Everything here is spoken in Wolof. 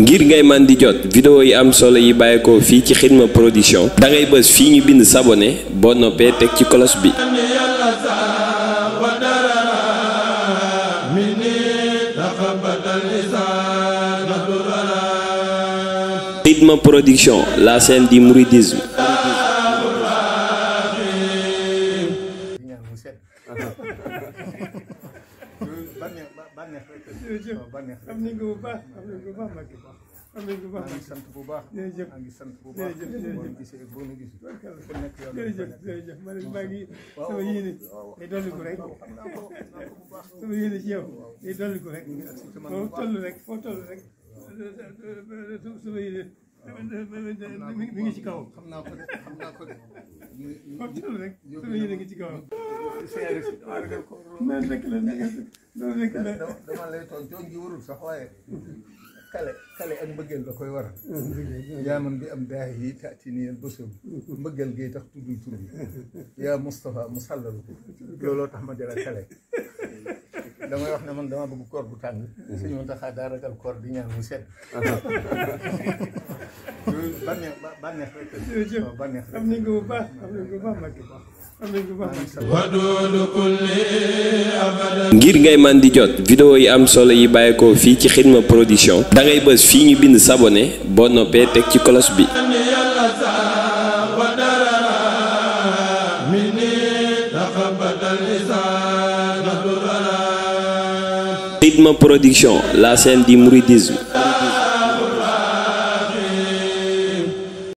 ngir ngay jot vidéo yi am solo yi bàyyeekoo fi ci Xidma production da ngay beus fi ñu bind s'abonner bo noppé tek ci bi production la scène du mouridisme bànneex bànneex rek. jërëjëf am nañ ko bu baax am nañ ko bu baax Mbacke am nañ ko bu baax. maa ngi sant bu baax. jërëjëf maa ngi sant bu baax. jërëjëf jërëjëf boo gisee boo jërëjëf man maa ngi sama yéene day ko rek sama yéene ci yow day dolli ko rek foo toll rek foo toll rek sama yéene mi ngi ci kaw. xam naa ko ko ngi ci kawam. non nekk la nekk la dama lay toog joon ji warul sax waaye kale kale ak mbëggeel da koy waral yaa man bi am daax yi taati nii al bësëm mbëggeel gay tax tudd tur bi yaa Moustapha mu sàllalu ko looloo tax ma jëla kale damay wax ko bu baax am nañ ko ngir ngay man di jot vidéo yi am solo yi bàyyeekoo fii ci Xidma Production. dangay ngay fii ñu bind s'abonner boo noppee teg ci kolos bi. mi ni ma Production, la scène du mouridisme.